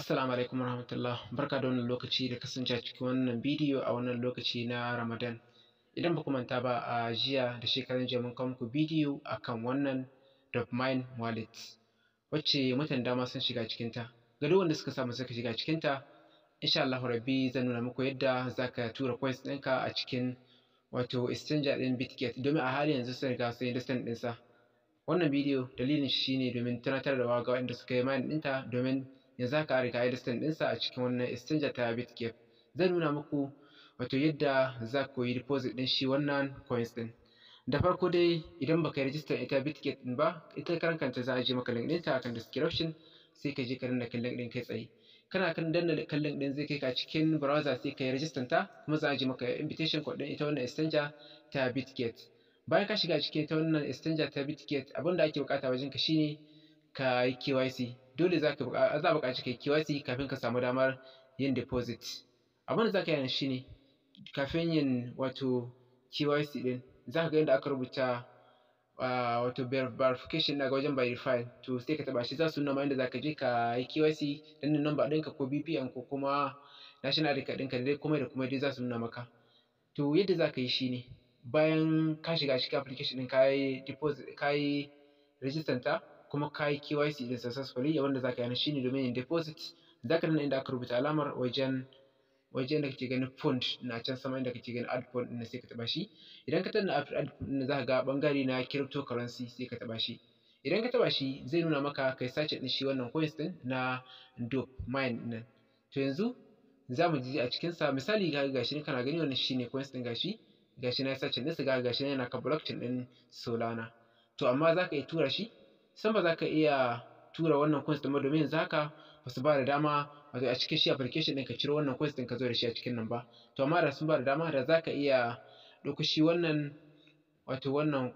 Assalamu alaikum warahmatullah barka da wannan lokaci da kasance cikin wannan bidiyo a wannan lokaci na Ramadan idan ba ku manta ba a jiya da shekaran jiya mun kawo muku bidiyo akan wannan dopamine wallet wacce mutane dama sun shiga cikinta. ta ga duk wanda suka samu suka shiga cikinta? ta insha Allahu rabbi zan nuna muku yadda zaka tura coins ɗinka a cikin wato exchanger ɗin Bitget domin a halin yanzu sun riga sun yi listing ɗinsa wannan bidiyo dalilin shi ne domin tunatarwa ga waɗanda suka yi mine ɗinta domin yanzu haka an riga yi listin ɗinsa a cikin wannan exchanger ta Bitcafe zan nuna muku wato yadda za ku yi deposit ɗin shi wannan coins ɗin da farko dai idan ba ka yi register ita Bitcafe ɗin ba ita karan kanta za a je maka link ɗinta akan description sai ka je ka danna kan link ɗin kai tsaye kana kan danna kan link ɗin zai kai ka cikin browser sai ka yi register ta kuma za a je maka invitation code ɗin ita wannan exchanger ta Bitcafe bayan ka shiga cikin ita wannan exchanger ta Bitcafe abin da ake buƙata wajen ka shine ka yi KYC dole za ka za buƙaci ka yi KYC kafin ka samu damar yin deposit abin da za ka yi shi ne kafin yin wato KYC ɗin za ka ga yadda aka rubuta wato verification daga wajen verify to sai ka taɓa shi za su nuna ma inda za ka je ka yi KYC dan number ɗinka ko BPN ko kuma national ID card ɗinka dai komai da komai dai za su nuna maka to yadda za ka yi shi ne bayan ka shiga cikin application ɗin ka yi deposit ka yi kuma ka yi KYC din successfully wanda zaka yana shine domain deposit zaka nan inda aka rubuta alamar wajen wajen da kake ganin fund na can sama inda kake ganin add fund din sai ka taɓa shi idan ka tana add fund din zaka ga ɓangare na cryptocurrency sai ka taɓa shi idan ka taɓa shi zai nuna maka kai sace ɗin shi wannan coins ɗin na dope mine nan, to yanzu za mu ji a cikin sa misali ga gashi kana gani wannan shine coins ɗin gashi gashi na sace din sa ga gashi yana kan chain din Solana to amma zaka iya tura shi san ba za ka iya tura wannan coins ɗin ba domin yanzu haka ba su ba da dama wato a cikin shi application ɗin ka ciro wannan coins ɗin ka zo da shi a cikin nan ba to amma da sun ba da dama da za ka iya ɗauko shi wannan wato wannan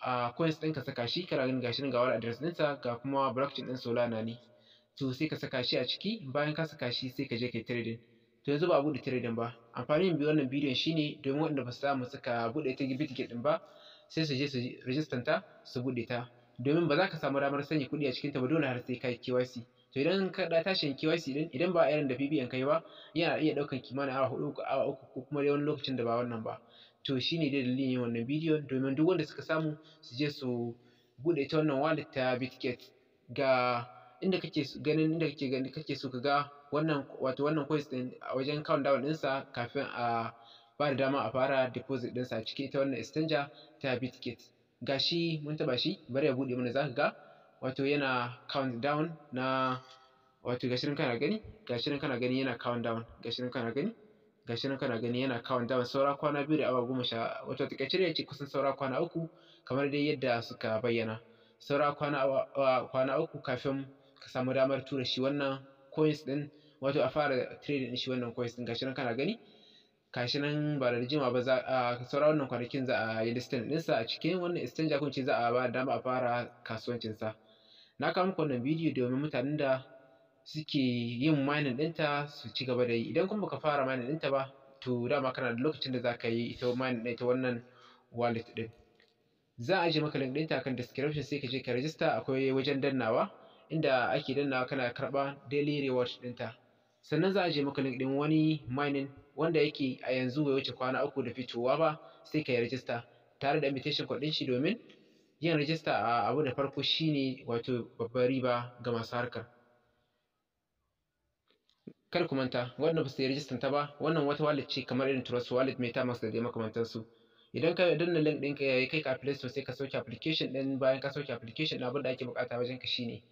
a coins ɗin ka saka shi kana ga shi nan ga wani address ɗinsa ga kuma blockchain ɗin Solana ne to sai ka saka shi a ciki bayan ka saka shi sai ka je yi trading to yanzu ba a buɗe trading ba amfanin bi wannan bidiyon shi ne domin waɗanda ba su samu suka buɗe ta Bitget ɗin ba sai su je su rijistanta su buɗe ta domin ba za ka samu damar sanya kuɗi a cikinta ba dole har sai ka yi KYC to idan ka da tashin KYC din idan ba irin da BBN kai ba yana iya ɗaukan kimanin awa huɗu ko awa uku ko kuma dai wani lokacin da ba wannan ba to shine dai dalilin yin wannan bidiyon domin duk wanda suka samu su je su buɗe ita wannan wallet ta Bitget ga inda kake ganin inda kake ganin kake so ka ga wannan wato wannan coins din a wajen countdown ɗinsa kafin a ba da dama a fara deposit ɗinsa a cikin ita wannan exchanger ta Bitget gashi mun taɓa shi bari ya buɗe mana za ka ga wato yana down na wato gashi nan kana gani gashi nan kana gani yana countdown gashi nan kana gani gashi nan kana gani yana down saura kwana biyu da awa goma sha wato dai ya ce kusan saura kwana uku kamar dai yadda suka bayyana saura kwana kwana uku kafin ka samu damar tura shi wannan coins ɗin wato a fara trading ɗin shi wannan coins ɗin gashi nan kana gani kashi nan ba da jima ba za a sauran wannan kwanakin za a yi listing ɗinsa a cikin wannan exchange kun ce za a ba da dama a fara kasuwancin sa na kawo muku wannan bidiyo domin mutanen da suke yin mining ɗinta su ci gaba da yi idan kuma baka fara mining ɗinta ba to dama kana da lokacin da za ka yi ita mining ɗin ita wannan wallet ɗin za a ajiye maka link ɗinta kan description sai ka je ka register akwai wajen dannawa inda ake dannawa kana karɓa daily reward ɗinta sannan za a ajiye maka link ɗin wani mining wanda yake a yanzu bai wuce kwana uku da fitowa ba sai ka yi rajista tare da invitation kuɗin shi domin yin rijista a abu da farko shi ne wato babbar riba ga masu harkar kar ku manta wannan ba su yi rijistan ta ba wannan wata wallet ce kamar irin trust wallet metamask da dai makamantansu idan ka danna link ɗin ka kai ka play store sai ka sauke application ɗin bayan ka sauke application ɗin abin da ake buƙata wajen ka shi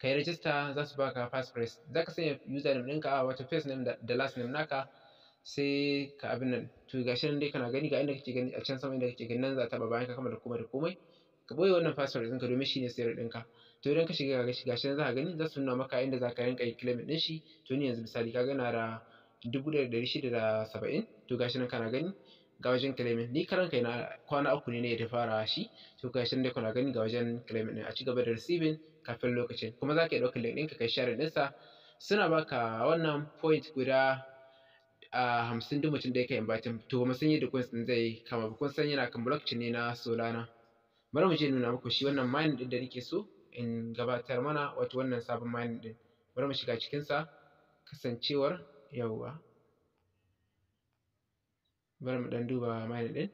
ka yi rijista za su baka passphrase za ka sanya username ɗinka wato first name da last name naka sai ka abin nan to ga shi nan dai kana gani ga inda kake gani a can sama inda kake gani nan za ta ba bayan ka kammala komai da komai ka boye wannan password ɗinka domin shi ne sirri ɗinka to idan ka shiga ga shi nan za ka gani za su nuna maka inda za ka rinka yin claiming ɗin shi to ni yanzu misali ka gana da dubu ɗaya da ɗari shida da saba'in to ga shi nan kana gani ga wajen claiming ni karan kai na kwana uku ne ne da fara shi to ga shi nan dai kana gani ga wajen claiming ɗin a ci gaba da receiving kafin lokacin kuma za ka iya ɗaukar link ɗinka kai share ɗinsa suna baka wannan point guda hamsin duk mutum ka yake inviting to ba mu san yadda coins ɗin zai kama ba kun san yana kan blockchain ne na Solana bari mu je nuna muku shi wannan mining ɗin da nake so in gabatar mana wato wannan sabon mining ɗin bari mu shiga cikin sa kasancewar yawwa bari mu ɗan duba mining ɗin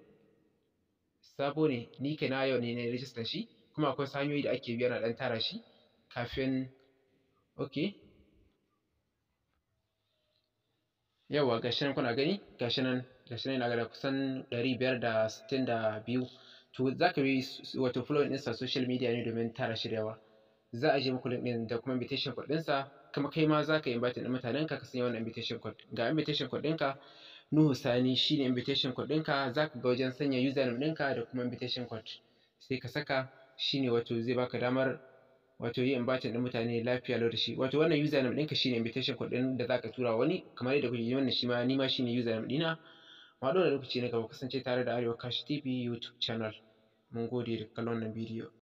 sabo ne ni kai na yau ne na rijistan shi kuma akwai hanyoyi da ake bi ana ɗan tara shi kafin okay yawa gashi nan kuna gani gashi nan gashi nan yana da kusan ɗari biyar da sittin da biyu to za ka bi wato follow sa social media ne domin tara shiryawa za a je muku link ɗin da kuma invitation code sa kuma kai ma za ka yi invite ɗin mutanenka ka sanya wannan invitation code ga invitation code ka Nuhu Sani shi ne invitation code ɗinka za ka ga wajen sanya username ka da kuma invitation code sai ka saka shi ne wato zai baka damar wato yi inviting ɗin mutane lafiya lau da wato wannan username ɗinka shine invitation code ɗin da zaka tura wa wani kamar yadda kuke wannan shi ma ni ma shine username ɗina mu haɗu lokaci na gaba kasance tare da Arewa Cash TV YouTube channel mun gode da kallon wannan bidiyo